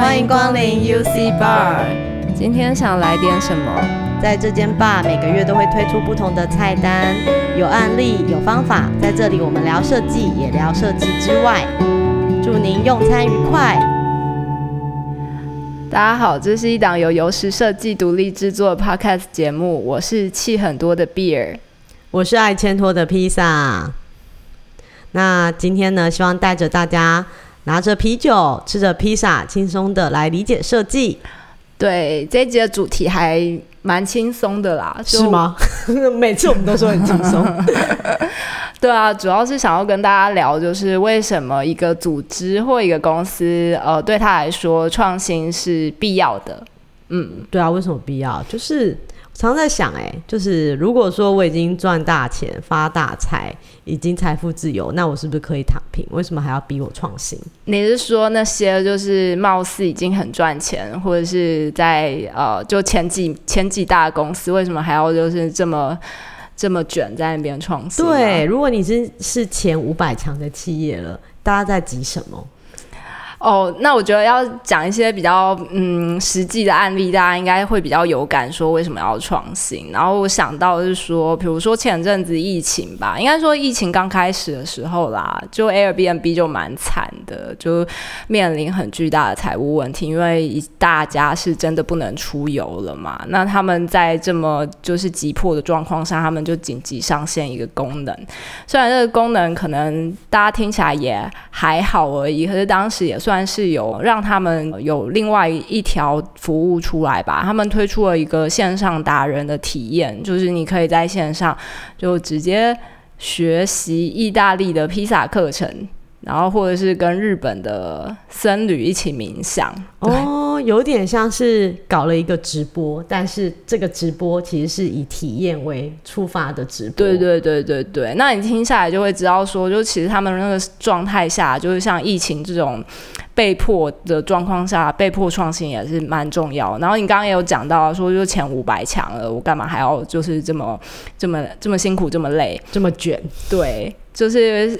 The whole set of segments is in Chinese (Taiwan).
歡迎光臨 UXI BAR。今天想來點什麼？在這間 bar 每個月都會推出不同的菜單，有案例，有方法。在這裡，我們聊設計，也聊設計之外。祝您用餐愉快。大家好，這是一檔由悠識設計獨立制作的 podcast 節目。我是氣很多的 Beer，我是愛簽托的披薩。那今天呢，希望帶着大家。拿着啤酒，吃着披薩，輕鬆的來理解設計。對，這集的主題還蠻輕鬆的啦，是嗎？ 每次我們都說很輕鬆。 對啊，主要是想要跟大家聊，就是為什麼一個組織或一個公司，呃，對他來說創新是必要的。嗯，對啊，為什麼必要？就是。常在想，欸，哎，就是如果說我已經賺大錢、發大財、已經財富自由，那我是不是可以躺平？為什麼還要逼我創新？你是說那些就是貌似已經很賺錢，或者是在呃，就前幾前幾大公司，為什麼還要就是這麼這麼捲在那邊創新啊？對，如果你是是前五百強的企業了，大家在急什麼？哦，oh, 那我覺得要講一些比較嗯實際的案例，大家應該會比較有感。說為什麼要創新？然後我想到是說，比如說前陣子疫情吧，應該說疫情剛開始的時候啦，就 Airbnb 就蠻慘的，就面臨很巨大的財務問題，因為大家是真的不能出遊了嘛。那他們在這麼就是急迫的狀況下，他們就緊急上線一個功能，雖然這個功能可能大家聽起來也還好而已，可是當時也算是。算是有讓他們有另外一條服務出來吧。他們推出了一個線上達人的體驗，就是你可以在線上就直接學習意大利的披薩課程。然後或者是跟日本的僧侶一起冥想，哦，有點像是搞了一個直播，但是這個直播其實是以體驗為出發的直播。對，對對對對對，那你聽下來就會知道說，就其實他們那個狀態下，就是像疫情這種被迫的狀況下，被迫創新也是蠻重要。然後你剛剛也有講到說，就前五百強了，我幹嘛還要就是這麼這麼這麼辛苦，這麼累，這麼捲？對，就是因為。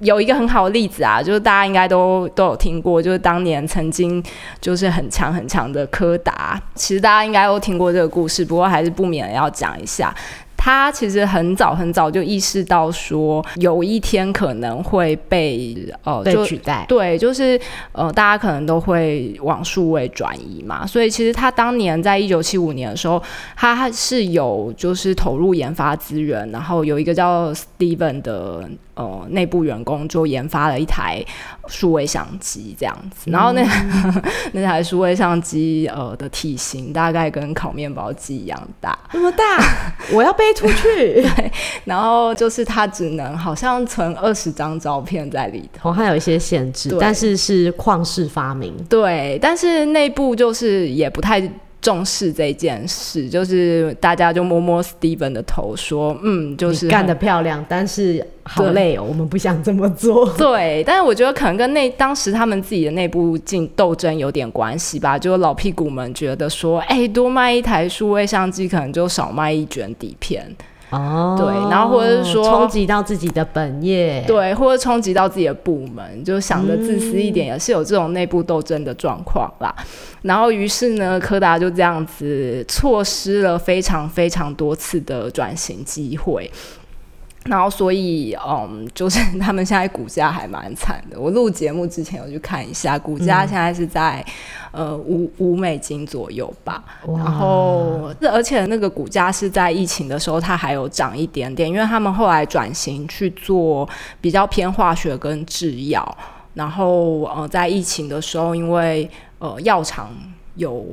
有一個很好的例子啊，就是大家應該都都有聽過，就是當年曾經就是很強很強的柯達，其實大家應該都聽過這個故事，不過還是不免要講一下。他其實很早很早就意識到說有一天可能會被呃被取代，對，就是呃大家可能都會往數位轉移嘛，所以其實他當年在一九七五年的時候，他是有就是投入研發資源，然後有一個叫 Steven 的。呃，內部員工就研發了一台數位相機，這樣子。然後那、嗯、 那台數位相機呃的體型大概跟烤麵包機一樣大，那麼大， 我要背出去。 對，然後就是它只能好像存二十張照片在裡頭，還有一些限制，對但是是曠世發明。對，但是內部就是也不太。重視這件事，就是大家就摸摸 Steven 的頭說，說，嗯，就是幹得漂亮，但是好累哦，對我們不想這麼做。對，但是我覺得可能跟那當時他們自己的內部競鬥爭有點關係吧，就是老屁股們覺得說，哎，多賣一台數位相機，可能就少賣一卷底片。哦， 對，然後或者是說衝擊到自己的本業，對，或者衝擊到自己的部門，就想着自私一點，嗯、也是有這種內部鬥爭的狀況啦。然後於是呢，柯達就這樣子錯失了非常非常多次的轉型機會。然後，所以，嗯，就是他們現在股價還蠻慘的。我錄節目之前，我去看一下，股價現在是在、嗯、呃五五美金左右吧。哇然後，而且那個股價是在疫情的時候，它還有漲一點點，因為他們後來轉型去做比較偏化學跟製藥。然後，呃，在疫情的時候，因為呃藥廠。有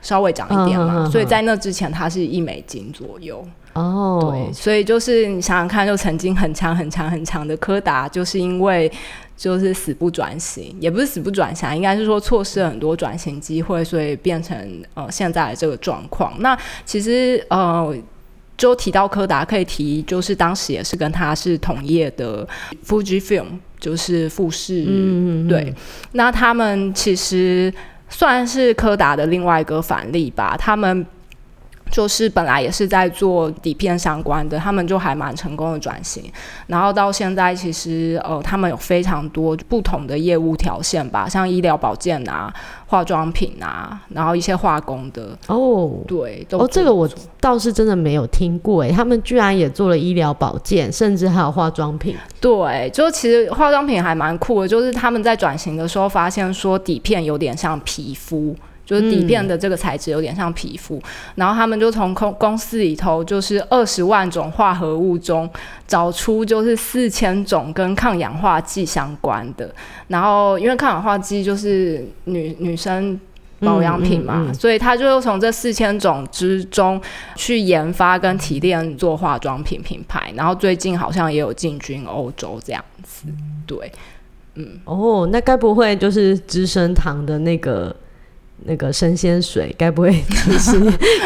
稍微漲一點嘛，uh, uh, uh, 所以在那之前，它是一美金左右。哦，uh, uh. 對，所以就是你想想看，就曾經很強、很強、很強的柯達，就是因為就是死不轉型，也不是死不轉型啊，應該是說錯失了很多轉型機會，所以變成呃現在的這個狀況。那其實呃，就提到柯達，可以提就是當時也是跟他是同業的 Fujifilm，就是富士，嗯嗯嗯，對，那他們其實。算是柯達的另外一個反例吧，他們。就是本來也是在做底片相關的，他們就還蠻成功的轉型。然後到現在，其實呃，他們有非常多不同的業務條線吧，像醫療保健啊、化妝品啊，然後一些化工的。哦，對，做做哦，這個我倒是真的沒有聽過，誒，他們居然也做了醫療保健，甚至還有化妝品。對，就其實化妝品還蠻酷的，就是他們在轉型的時候發現說，底片有點像皮膚。就是底片的這個材質有點像皮膚，嗯、然後他們就從公公司裡頭，就是二十萬種化合物中找出就是四千種跟抗氧化劑相關的，然後因為抗氧化劑就是女女生保養品嘛，嗯嗯嗯、所以他就從這四千種之中去研發跟提煉做化妝品品牌，然後最近好像也有進軍歐洲這樣子，對，嗯，哦，那該不會就是資生堂的那個？那個神仙水，該不會也是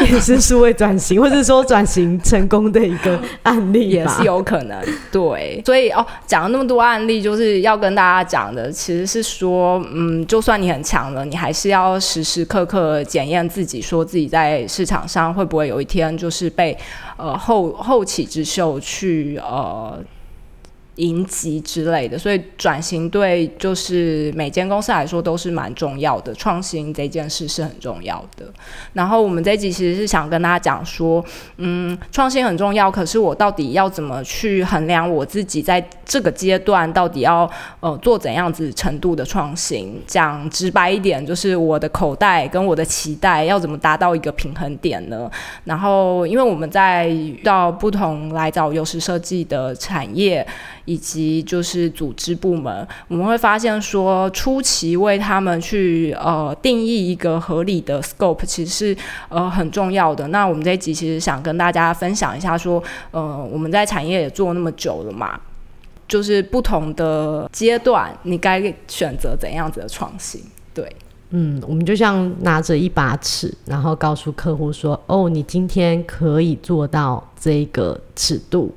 也是數位轉型？ 或者說轉型成功的一個案例也，也是有可能。對，所以哦，講了那麼多案例，就是要跟大家講的，其實是說，嗯，就算你很強了，你還是要時時刻刻檢驗自己，說自己在市場上會不會有一天就是被呃後後起之秀去呃。迎擊之類的，所以轉型對，就是每間公司來說都是蠻重要的，創新這件事是很重要的。然後我們這一集其實是想跟大家講說，嗯，創新很重要，可是我到底要怎麼去衡量我自己在這個階段到底要呃做怎樣子程度的創新？講直白一點，就是我的口袋跟我的期待要怎麼達到一個平衡點呢？然後因為我們在遇到不同來找優勢設計的產業。以及就是組織部門，我們會發現說，初期為他們去呃定義一個合理的 scope，其實是呃很重要的。那我們這一集其實想跟大家分享一下說，說呃我們在產業也做那麼久了嘛，就是不同的階段，你該選擇怎樣子的創新？對，嗯，我們就像拿着一把尺，然後告訴客戶說，哦，你今天可以做到這個尺度。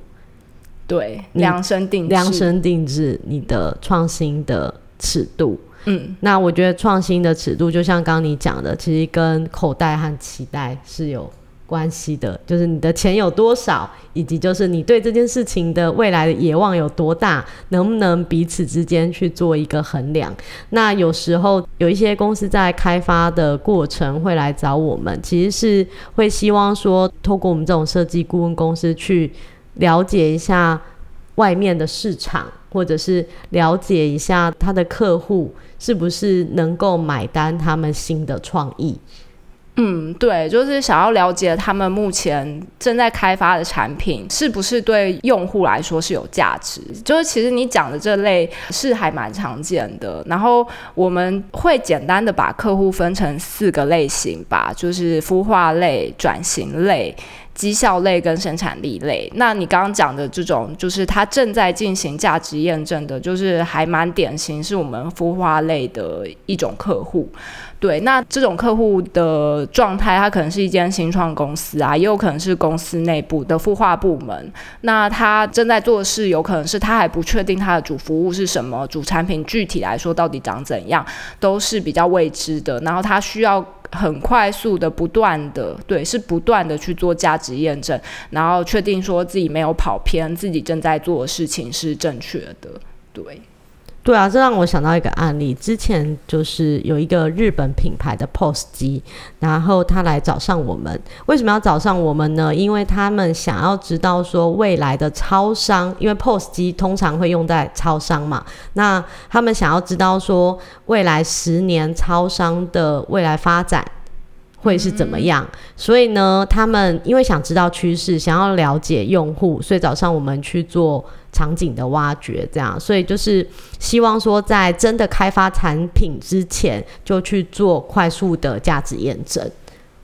對，你量身定制，量身定制你的創新的尺度。嗯，那我覺得創新的尺度，就像剛剛你講的，其實跟口袋和期待是有關係的，就是你的錢有多少，以及就是你對這件事情的未來的野望有多大，能不能彼此之間去做一個衡量。那有時候有一些公司在開發的過程會來找我們，其實是會希望說，透過我們這種設計顧問公司去。了解一下外面的市場，或者是了解一下他的客戶是不是能夠買單他們新的創意。嗯，對，就是想要了解他們目前正在開發的產品是不是對用戶來說是有價值。就是其實你講的這類是還蠻常見的。然後我們會簡單的把客戶分成四個類型吧，就是孵化類、轉型類。績效類跟生產力類，那你剛剛講的這種，就是他正在進行價值驗證的，就是還蠻典型，是我們孵化類的一種客戶。對，那這種客戶的狀態，它可能是一間新創公司啊，也有可能是公司內部的孵化部門。那他正在做的事，有可能是他還不確定它的主服務是什麼，主產品具體來說到底長怎樣，都是比較未知的。然後他需要。很快速的，不斷的，對，是不斷的去做價值驗證，然後確定說自己沒有跑偏，自己正在做的事情是正確的，對。對啊，這讓我想到一個案例。之前就是有一個日本品牌的 POS 機，然後他來找上我們。為什麼要找上我們呢？因為他們想要知道說未來的超商，因為 POS 機通常會用在超商嘛。那他們想要知道說未來十年超商的未來發展。會是怎麼樣？嗯，所以呢，他們因為想知道趨勢、想要了解用戶，所以早上我們去做場景的挖掘。這樣，所以就是希望說，在真的開發產品之前，就去做快速的價值驗證。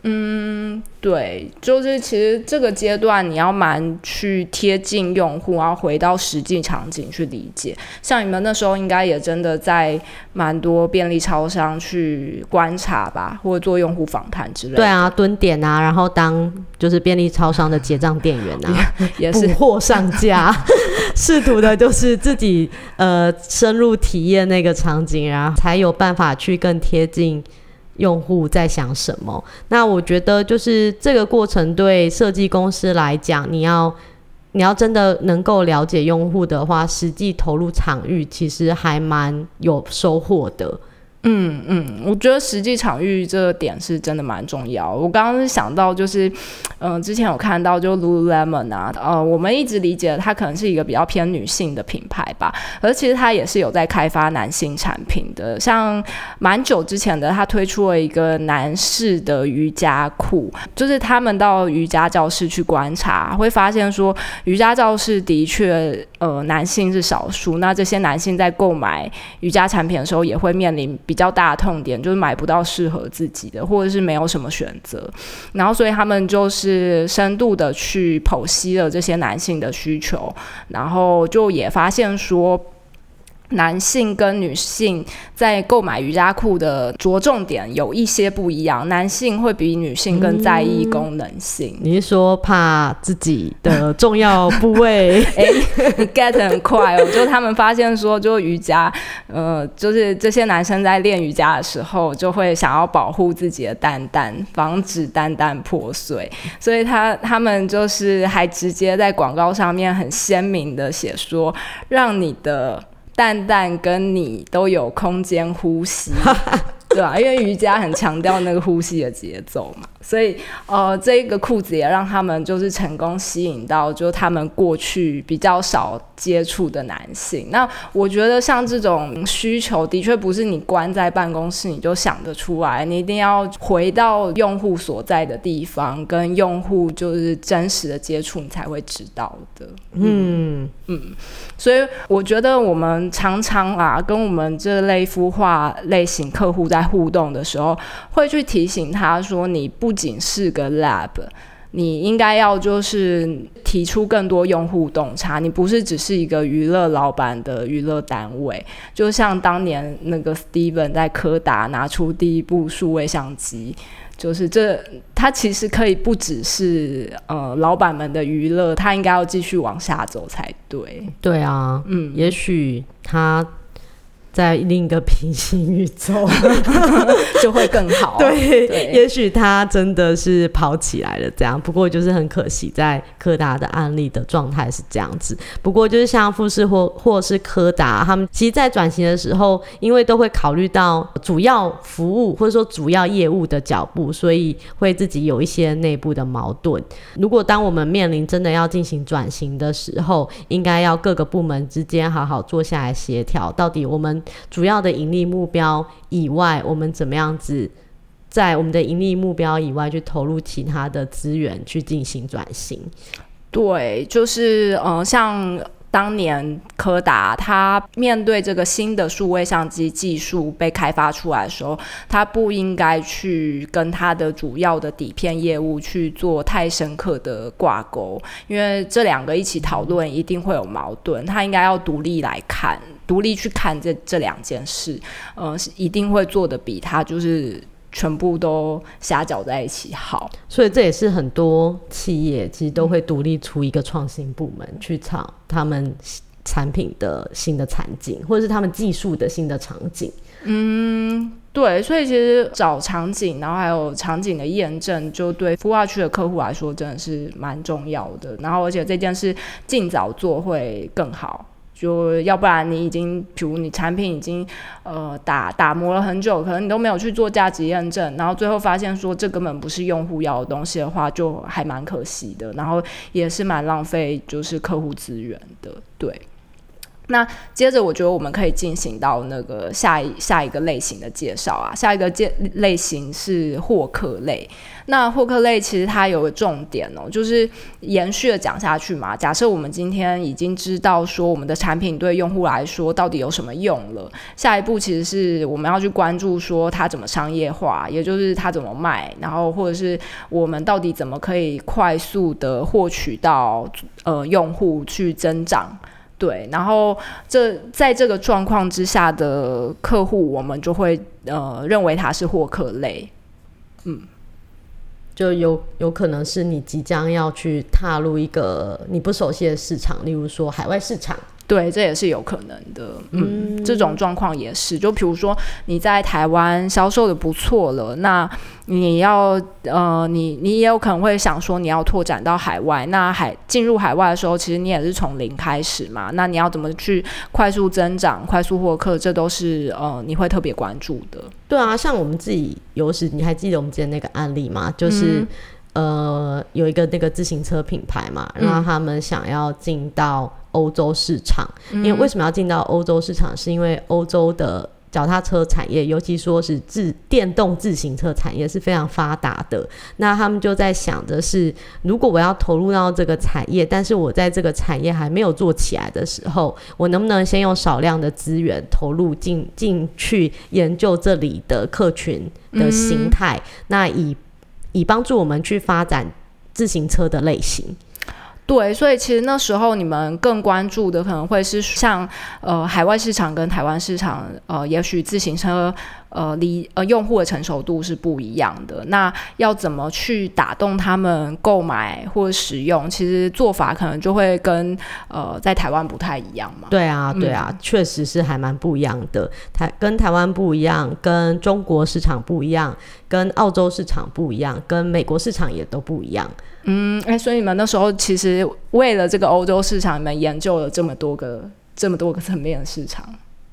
嗯，對，就是其實這個階段你要蠻去貼近用戶，然後回到實際場景去理解。像你們那時候應該也真的在蠻多便利超商去觀察吧，或者做用戶訪談之類的。對啊，蹲點啊，然後當就是便利超商的結賬店員啊，也是補貨上架， 試圖的就是自己呃深入體驗那個場景，然後才有辦法去更貼近。用戶在想什麼？那我覺得就是這個過程對設計公司來講，你要你要真的能夠了解用戶的話，實際投入場域，其實還蠻有收穫的。嗯嗯，我覺得實際場域這個點是真的蠻重要。我剛剛是想到就是，呃，之前有看到就 Lululemon 啊，呃，我們一直理解它可能是一個比較偏女性的品牌吧，而其實它也是有在開發男性產品的。像蠻久之前的，它推出了一個男士的瑜伽褲，就是他們到瑜伽教室去觀察，會發現說瑜伽教室的確，呃，男性是少數。那這些男性在購買瑜伽產品的時候，也會面臨。比較大的痛點就是買不到適合自己的，或者是沒有什麼選擇。然後所以他們就是深度的去剖析了這些男性的需求，然後就也發現說。男性跟女性在購買瑜伽褲的着重點有一些不一樣，男性會比女性更在意功能性。嗯、你是說怕自己的重要部位、 欸？哎，get 很快哦，就他們發現說，就瑜伽，呃，就是這些男生在練瑜伽的時候，就會想要保護自己的蛋蛋，防止蛋蛋破碎，所以他他們就是還直接在廣告上面很鮮明的寫說，讓你的。蛋蛋跟你都有空間呼吸， 對啊，因為瑜伽很強調那個呼吸的節奏嘛。所以，呃，這一個褲子也讓他們就是成功吸引到，就他們過去比較少接觸的男性。那我覺得像這種需求，的確不是你關在辦公室你就想得出來，你一定要回到用戶所在的地方，跟用戶就是真實的接觸，你才會知道的。嗯嗯。所以，我覺得我們常常啊，跟我們這類孵化類型客戶在互動的時候，會去提醒他說，你不。不僅是個 lab，你應該要就是提出更多用戶洞察。你不是只是一個娛樂老闆的娛樂單位，就像當年那個 Steven 在柯達拿出第一部數位相機，就是這，他其實可以不只是呃老闆們的娛樂，他應該要繼續往下走才對。對啊，嗯，也許他。在另一個平行宇宙 就會更好。對，對也許他真的是跑起來了這樣。不過就是很可惜，在柯達的案例的狀態是這樣子。不過就是像富士或或是柯達，他們其實，在轉型的時候，因為都會考慮到主要服務或者說主要業務的腳步，所以會自己有一些內部的矛盾。如果當我們面臨真的要進行轉型的時候，應該要各個部門之間好好坐下來協調，到底我們。主要的盈利目標以外，我們怎麼樣子在我們的盈利目標以外去投入其他的資源去進行轉型？對，就是嗯，像當年柯達，他面對這個新的數位相機技術被開發出來的時候，他不應該去跟他的主要的底片業務去做太深刻的掛鈎，因為這兩個一起討論一定會有矛盾，他應該要獨立來看。獨立去看這這兩件事，呃，是一定會做得比他就是全部都瞎攪在一起好。所以這也是很多企業其實都會獨立出一個創新部門去找他們產品的新的場景，或者是他們技術的新的場景。嗯，對。所以其實找場景，然後還有場景的驗證，就對孵化區的客戶來說真的是蠻重要的。然後而且這件事儘早做會更好。就要不然你已經，比如你產品已經，呃打打磨了很久，可能你都沒有去做價值驗證，然後最後發現說這根本不是用戶要的東西的話，就還蠻可惜的，然後也是蠻浪費，就是客戶資源的。對，那接着我覺得我們可以進行到那個下一下一個類型的介紹啊，下一個介類型是獲客類。那獲客類其實它有個重點哦，就是延續的講下去嘛。假設我們今天已經知道說我們的產品對用戶來說到底有什麼用了，下一步其實是我們要去關注說它怎麼商業化，也就是它怎麼賣，然後或者是我們到底怎麼可以快速的獲取到呃用戶去增長。對，然後這在這個狀況之下的客戶，我們就會呃認為它是獲客類，嗯。就有有可能是你即將要去踏入一個你不熟悉的市場，例如說海外市場。對，這也是有可能的。嗯，嗯，這種狀況也是。就比如說你在台灣銷售的不錯了，那你要呃，你你也有可能會想說你要拓展到海外。那海進入海外的時候，其實你也是從零開始嘛。那你要怎麼去快速增長、快速獲客，這都是呃你會特別關注的。對啊，像我們自己，有時你還記得我們之前那個案例嗎？就是、嗯、呃有一個那個自行車品牌嘛，嗯、然後他們想要進到。歐洲市場，因為為什麼要進到歐洲市場？嗯、是因為歐洲的腳踏車產業，尤其說是自電動自行車產業是非常發達的。那他們就在想的是，如果我要投入到這個產業，但是我在這個產業還沒有做起來的時候，我能不能先用少量的資源投入進進去，研究這裡的客群的形態，嗯、那以以幫助我們去發展自行車的類型。對，所以其實那時候你們更關注的可能會是像呃海外市場跟台灣市場，呃也許自行車。呃，理呃用戶的成熟度是不一樣的，那要怎麼去打動他們購買或使用？其實做法可能就會跟呃在台灣不太一樣嘛。對啊，對啊，嗯，確實是還蠻不一樣的。台跟台灣不一樣，跟中國市場不一樣，跟澳洲市場不一樣，跟美國市場也都不一樣。嗯，哎，所以你們那時候其實為了這個歐洲市場，你們研究了這麼多個、這麼多個層面的市場。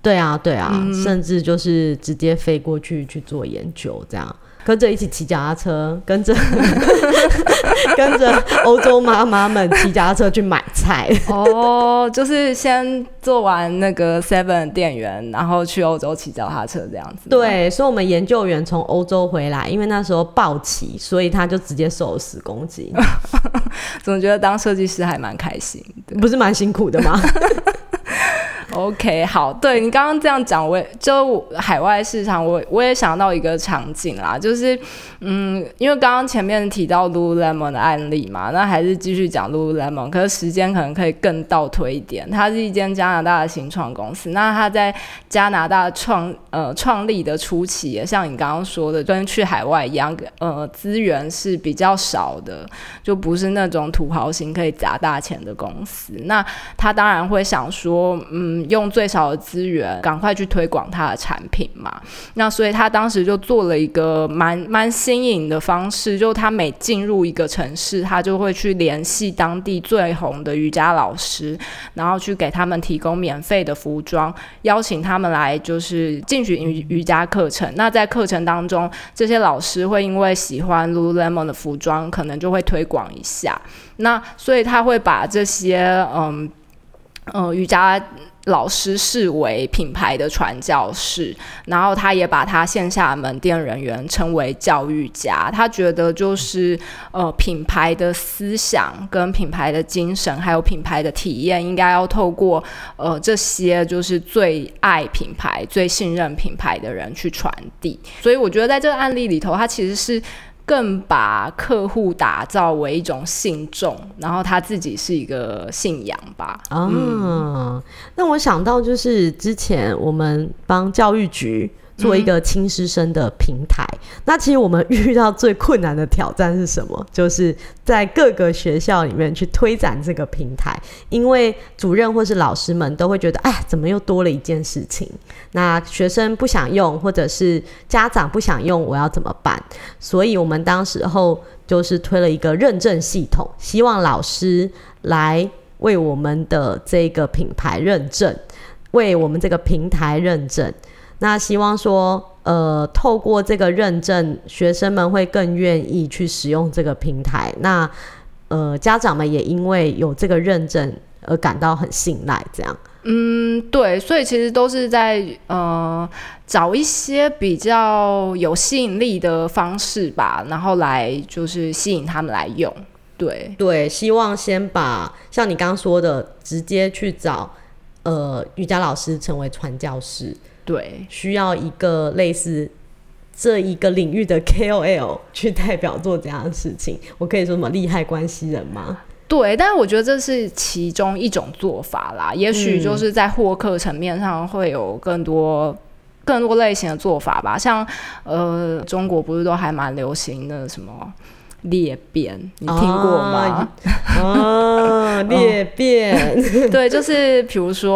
對啊,對啊，對啊、嗯，甚至就是直接飛過去去做研究，這樣跟着一起騎腳踏車，跟着 跟着歐洲媽媽們騎腳踏車去買菜。哦，就是先做完那個 Seven 店員，然後去歐洲騎腳踏車這樣子。對，所以，我們研究員從歐洲回來，因為那時候暴騎，所以他就直接瘦了十公斤。 總覺得當設計師還蠻開心，不是蠻辛苦的嗎？ OK，好，對，你剛剛這樣講，我也就我海外市場，我我也想到一個場景啦，就是，嗯，因為剛剛前面提到 Lululemon 的案例嘛，那還是繼續講 Lululemon，可是時間可能可以更倒推一點。它是一間加拿大的新創公司，那它在加拿大創呃創立的初期，像你剛剛說的，跟去海外一樣，呃，資源是比較少的，就不是那種土豪型可以砸大錢的公司，那他當然會想說，嗯。用最少的資源，趕快去推廣他的產品嘛。那所以他當時就做了一個蠻蠻新穎的方式，就他每進入一個城市，他就會去聯繫當地最紅的瑜伽老師，然後去給他們提供免費的服裝，邀請他們來就是進行瑜伽課程。那在課程當中，這些老師會因為喜歡 Lululemon 的服裝，可能就會推廣一下。那所以他會把這些嗯嗯、呃、瑜伽。老師視為品牌的傳教士，然後他也把他線下的門店人員稱為教育家。他覺得就是呃，品牌的思想、跟品牌的精神，還有品牌的體驗，應該要透過呃這些就是最愛品牌、最信任品牌的人去傳遞。所以我覺得在這個案例裡頭，他其實是。更把客戶打造為一種信眾，然後他自己是一個信仰吧。啊、哦，嗯、那我想到就是之前我們幫教育局。做一個親師生的平台。嗯、那其實我們遇到最困難的挑戰是什麼？就是在各個學校裡面去推展這個平台，因為主任或是老師們都會覺得，哎，怎麼又多了一件事情？那學生不想用，或者是家長不想用，我要怎麼辦？所以我們當時候就是推了一個認證系統，希望老師來為我們的這個品牌認證，為我們這個平台認證。那希望說，呃，透過這個認證，學生們會更願意去使用這個平台。那，呃，家長們也因為有這個認證而感到很信賴。這樣，嗯，對，所以其實都是在呃找一些比較有吸引力的方式吧，然後來就是吸引他們來用。對，對，希望先把像你剛剛說的，直接去找呃瑜伽老師成為傳教士。對，需要一個類似這一個領域的 KOL 去代表做這樣的事情，我可以說什麼利害關係人嗎？對，但是我覺得這是其中一種做法啦，也許就是在獲客層面上會有更多、嗯、更多類型的做法吧，像呃，中國不是都還蠻流行的什麼。裂變，你聽過嗎？啊、哦哦，裂變， 對，就是譬如說，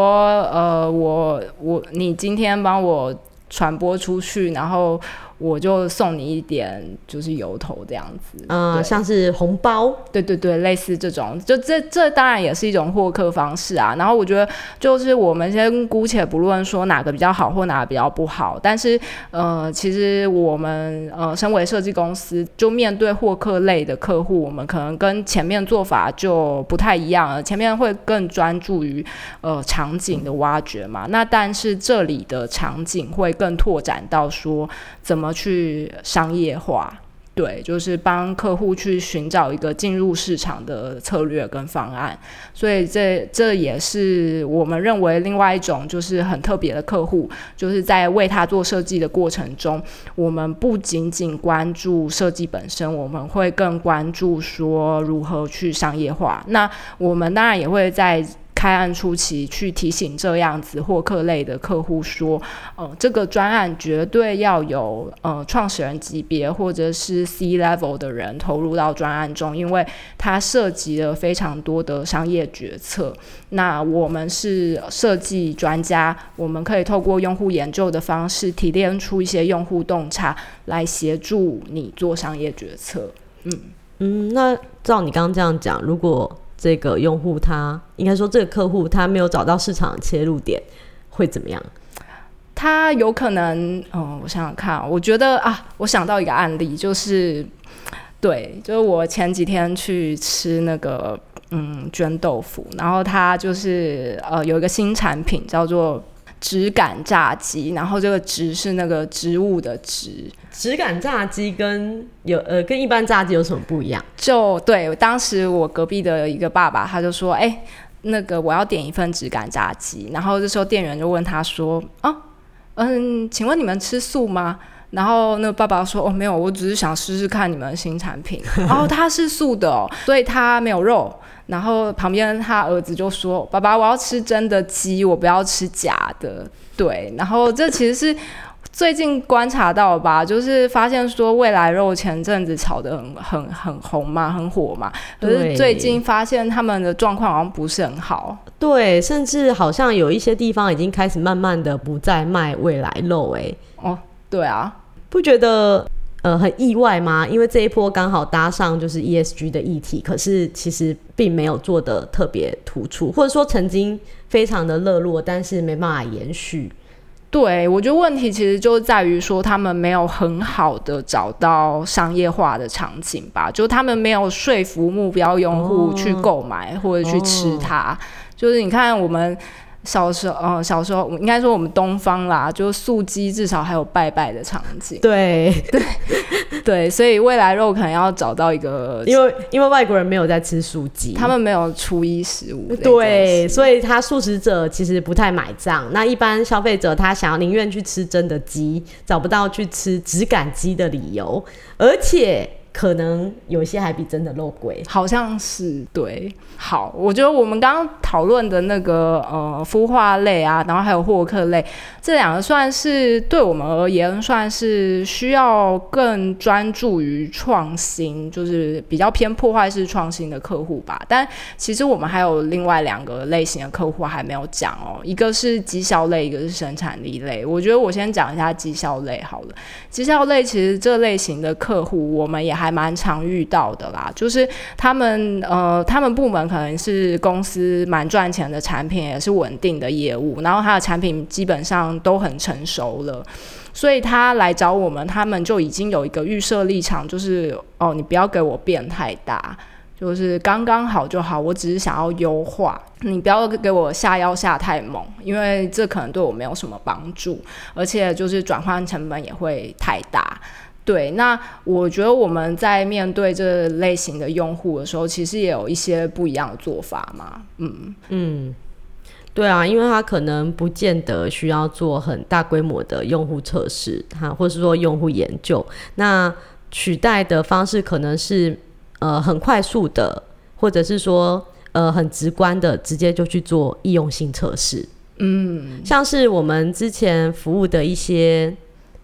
呃，我我你今天幫我傳播出去，然後。我就送你一點，就是由頭這樣子，呃，像是紅包，對對對，對，類似這種，就這這當然也是一種獲客方式啊。然後我覺得，就是我們先姑且不論說哪個比較好或哪個比較不好，但是呃，其實我們呃，身為設計公司，就面對獲客類的客戶，我們可能跟前面做法就不太一樣了。前面會更專注於呃場景的挖掘嘛，那但是這裡的場景會更拓展到說怎麼。去商業化，對，就是幫客戶去尋找一個進入市場的策略跟方案。所以這這也是我們認為另外一種就是很特別的客戶，就是在為他做設計的過程中，我們不僅僅關注設計本身，我們會更關注說如何去商業化。那我們當然也會在。開案初期去提醒這樣子獲客類的客戶說，呃，這個專案絕對要有呃創始人級別或者是 C level 的人投入到專案中，因為它涉及了非常多的商業決策。那我們是設計專家，我們可以透過用戶研究的方式提煉出一些用戶洞察，來協助你做商業決策。嗯嗯，那照你剛剛這樣講，如果這個用戶他應該說，這個客戶他沒有找到市場的切入點會怎麼樣？他有可能，哦，我想想看，我覺得啊，我想到一個案例，就是，對，就是我前幾天去吃那個嗯，捲豆腐，然後他就是呃有一個新產品叫做。植感炸雞，然後這個植是那個植物的植。植感炸雞跟有呃跟一般炸雞有什麼不一樣？就對，當時我隔壁的一個爸爸他就說，哎、欸，那個我要點一份植感炸雞。然後這時候店員就問他說，啊，嗯，請問你們吃素嗎？然後那個爸爸說，哦，沒有，我只是想試試看你們的新產品。哦，它是素的，喔，所以它沒有肉。然後旁邊他兒子就說：“爸爸，我要吃真的雞，我不要吃假的。”對，然後這其實是最近觀察到吧，就是發現說未來肉前陣子炒得很很很紅嘛，很火嘛。可是最近發現他們的狀況好像不是很好。對，對，甚至好像有一些地方已經開始慢慢的不再賣未來肉誒。哎，哦，對啊，不覺得。呃，很意外嗎？因為這一波剛好搭上就是 ESG 的議題，可是其實並沒有做得特別突出，或者說曾經非常的熱絡，但是沒辦法延續。對，我覺得問題其實就在於說，他們沒有很好的找到商業化的場景吧，就他們沒有說服目標用戶去購買或者去吃它。Oh. Oh. 就是你看我們。小時候，嗯，小時候，應該說我們東方啦，就素雞，至少還有拜拜的場景。對對 對，所以未來肉可能要找到一個，因為因為外國人沒有在吃素雞，他們沒有初一十五。對，所以他素食者其實不太買賬。那一般消費者他想要寧願去吃真的雞，找不到去吃只敢雞的理由，而且。可能有些還比真的漏貴，好像是對。好，我覺得我們剛剛討論的那個呃孵化類啊，然後還有獲客類，這兩個算是對我們而言算是需要更專注於創新，就是比較偏破壞式創新的客戶吧。但其實我們還有另外兩個類型的客戶還沒有講哦，一個是績效類，一個是生產力類。我覺得我先講一下績效類好了。績效類其實這類型的客戶我們也還。還蠻常遇到的啦，就是他們呃，他們部門可能是公司蠻賺錢的產品，也是穩定的業務，然後他的產品基本上都很成熟了，所以他來找我們，他們就已經有一個預設立場，就是哦，你不要給我變太大，就是剛剛好就好，我只是想要優化，你不要給我下藥下太猛，因為這可能對我沒有什麼幫助，而且就是轉換成本也會太大。對，那我覺得我們在面對這類型的用戶的時候，其實也有一些不一樣的做法嘛。嗯嗯，對啊，因為它可能不見得需要做很大規模的用戶測試哈，或是說用戶研究。那取代的方式可能是呃很快速的，或者是說呃很直觀的，直接就去做易用性測試。嗯，像是我們之前服務的一些。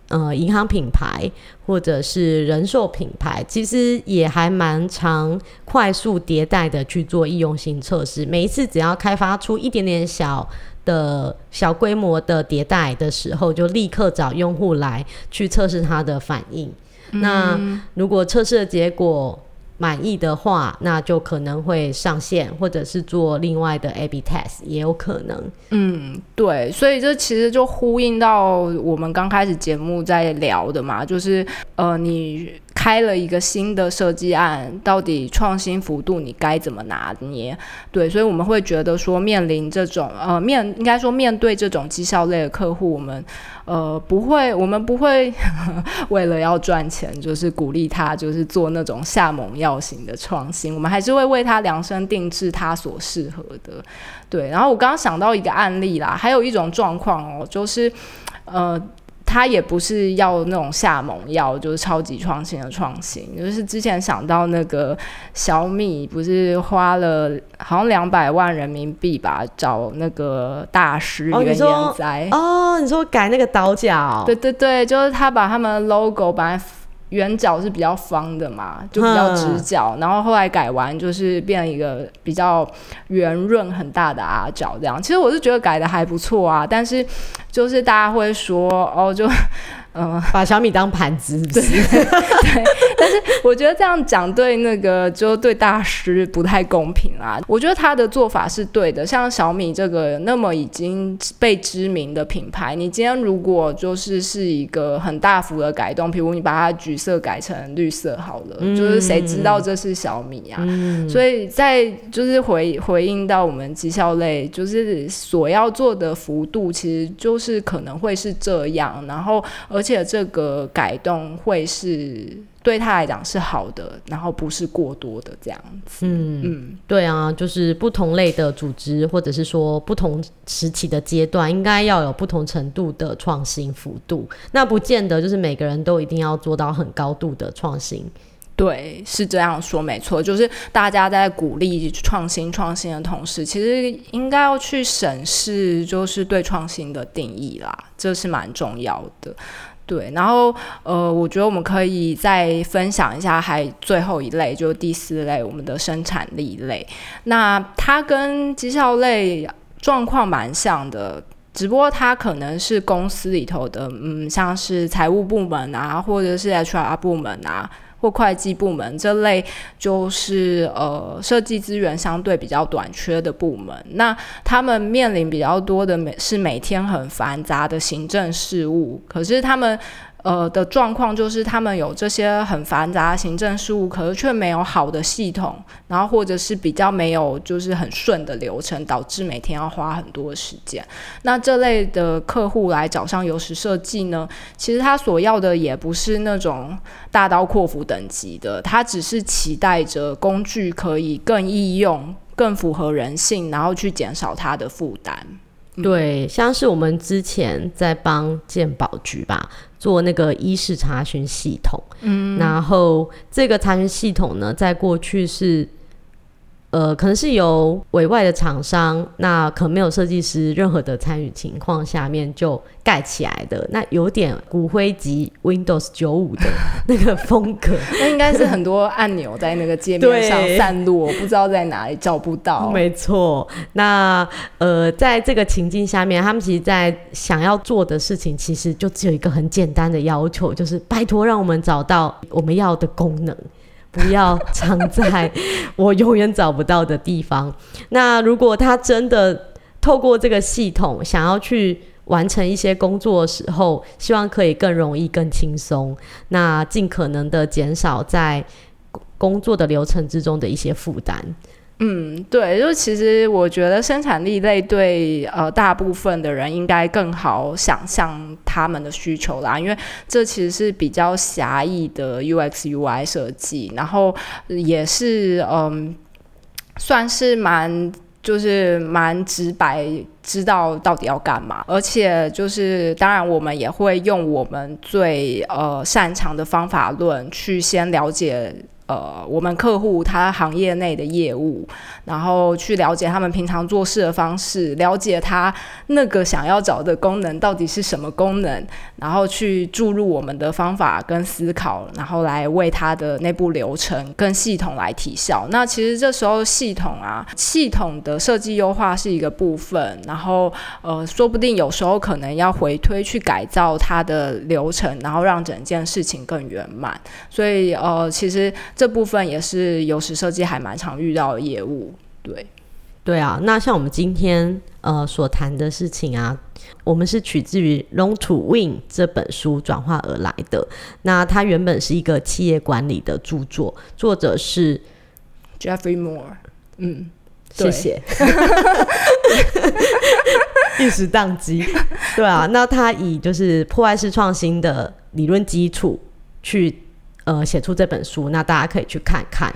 呃，銀行品牌或者是人壽品牌，其實也還蠻常快速迭代，的去做易用性測試。每一次只要開發出一點點小的、小規模的迭代的時候，就立刻找用戶來去測試它的反應。嗯、那如果測試的結果，滿意的話，那就可能會上線，或者是做另外的 AB test 也有可能。嗯，對，所以這其實就呼應到我們剛開始節目在聊的嘛，就是呃，你。開了一個新的設計案，到底創新幅度你該怎麼拿捏？對，所以我們會覺得說，面臨這種呃面，應該說面對這種績效類的客戶，我們呃不會，我們不會呵呵為了要賺錢，就是鼓勵他，就是做那種下猛藥型的創新，我們還是會為他量身定制他所適合的。對，然後我剛剛想到一個案例啦，還有一種狀況哦，就是呃。他也不是要那種下猛藥，要就是超級創新的創新，就是之前想到那個小米不是花了好像兩百萬人民幣吧，找那個大師原研哉哦，你說，哦，你說改那個倒角，對對對，就是他把他們 logo 把。圓角是比較方的嘛，就比較直角，哼然後後來改完就是變了一個比較圓潤很大的 R 角這樣。其實我是覺得改的還不錯啊，但是就是大家會說哦就。嗯，把小米當盤子，對，但是我覺得這樣講對那個就對大師不太公平啦、啊。我覺得他的做法是對的，像小米這個那麼已經被知名的品牌，你今天如果就是是一個很大幅的改動，比如你把它橘色改成綠色好了，嗯、就是誰知道這是小米呀、啊？嗯、所以，在就是回回應到我們績效類，就是所要做的幅度，其實就是可能會是這樣，然後而且。而且這個改動會是對他來講是好的，然後不是過多的這樣子。嗯，嗯對啊，就是不同類的組織，或者是說不同時期的階段，應該要有不同程度的創新幅度。那不見得就是每個人都一定要做到很高度的創新。對，是這樣說沒錯。就是大家在鼓勵創新、創新的同時，其實應該要去審視，就是對創新的定義啦，這是蠻重要的。對，然後呃，我覺得我們可以再分享一下，還最後一類，就第四類，我們的生產力類。那它跟績效類狀況蠻像的，只不過它可能是公司裡頭的，嗯，像是財務部門啊，或者是 HR 部門啊。或會計部門這類，就是呃，設計資源相對比較短缺的部門，那他們面臨比較多的每是每天很繁雜的行政事務，可是他們。呃的狀況就是他們有這些很繁雜的行政事務，可是卻沒有好的系統，然後或者是比較沒有就是很順的流程，導致每天要花很多時間。那這類的客戶來找上悠識設計呢，其實他所要的也不是那種大刀闊斧等級的，他只是期待着工具可以更易用、更符合人性，然後去減少他的負擔。嗯、對，像是我們之前在幫健保局吧。做那個醫事查詢系統，嗯，然後這個查詢系統呢，在過去是，呃，可能是由委外的廠商，那可沒有設計師任何的參與情況下面就蓋起來的，那有點骨灰級 Windows 九五的那個風格。 那應該是 很多按鈕在那個界面上散落，對不知道在哪裡找不到。沒錯。那呃，在這個情境下面，他們其實在想要做的事情，其實就只有一個很簡單的要求，就是拜托讓我們找到我們要的功能。 不要藏在我永遠找不到的地方。那如果他真的透過這個系統想要去完成一些工作的時候，希望可以更容易、更輕鬆，那盡可能的減少在工作的流程之中的一些負擔。嗯，對，就其實我覺得生產力類對呃大部分的人應該更好想象他們的需求啦，因為這其實是比較狹義的 UX/UI 設計，然後也是嗯、呃、算是蠻就是蠻直白，知道到底要幹嘛，而且就是當然我們也會用我們最呃擅長的方法論去先了解。呃，我們客戶他行業內的業務，然後去了解他們平常做事的方式，了解他那個想要找的功能到底是什麼功能，然後去注入我們的方法跟思考，然後來為他的內部流程跟系統來提效。那其實這時候系統啊，系統的設計優化是一個部分，然後呃，說不定有時候可能要回推去改造他的流程，然後讓整件事情更圓滿。所以呃，其實。這部分也是有時設計還蠻常遇到的業務，對，對啊。那像我們今天呃所談的事情啊，我們是取自於《Zone to Win》這本書轉化而來的。那它原本是一個企業管理的著作，作者是 Jeffrey Moore。嗯，對謝謝。 一時宕機。 對啊，那他以就是破壞式創新的理論基礎去。呃，寫出這本書，那大家可以去看看。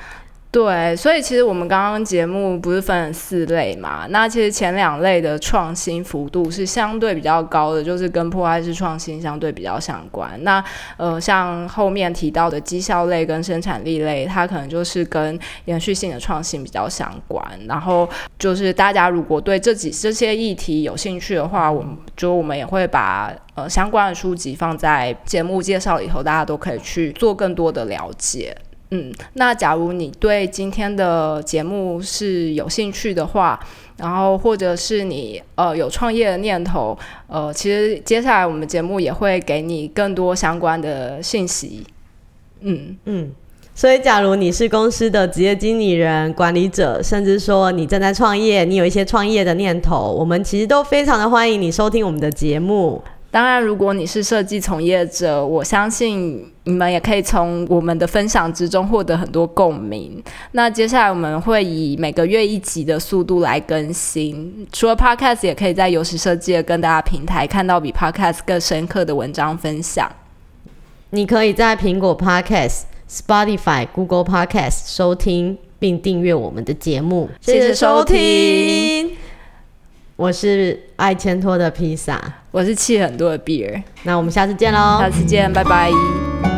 對，所以其實我們剛剛節目不是分四類嘛？那其實前兩類的創新幅度是相對比較高的，就是跟破壞式創新相對比較相關。那呃，像後面提到的績效類跟生產力類，它可能就是跟延續性的創新比較相關。然後就是大家如果對這幾這些議題有興趣的話，我們就我們也會把呃相關的書籍放在節目介紹裡頭，大家都可以去做更多的了解。嗯，那假如你對今天的節目是有興趣的話，然後或者是你呃有創業的念頭，呃，其實接下來我們節目也會給你更多相關的信息。嗯嗯，所以假如你是公司的職業經理人、管理者，甚至說你正在創業，你有一些創業的念頭，我們其實都非常的歡迎你收聽我們的節目。當然，如果你是設計從業者，我相信你們也可以從我們的分享之中獲得很多共鳴。那接下來我們會以每個月一集的速度來更新，除了 Podcast，也可以在有時設計的各大平台看到比 Podcast 更深刻的文章分享。你可以在蘋果 Podcast、Spotify、Google Podcast 收聽並訂閱我們的節目。謝謝收聽。我是愛千托的披薩，我是氣很多的 beer，那我們下次見嘍，下次見，拜拜。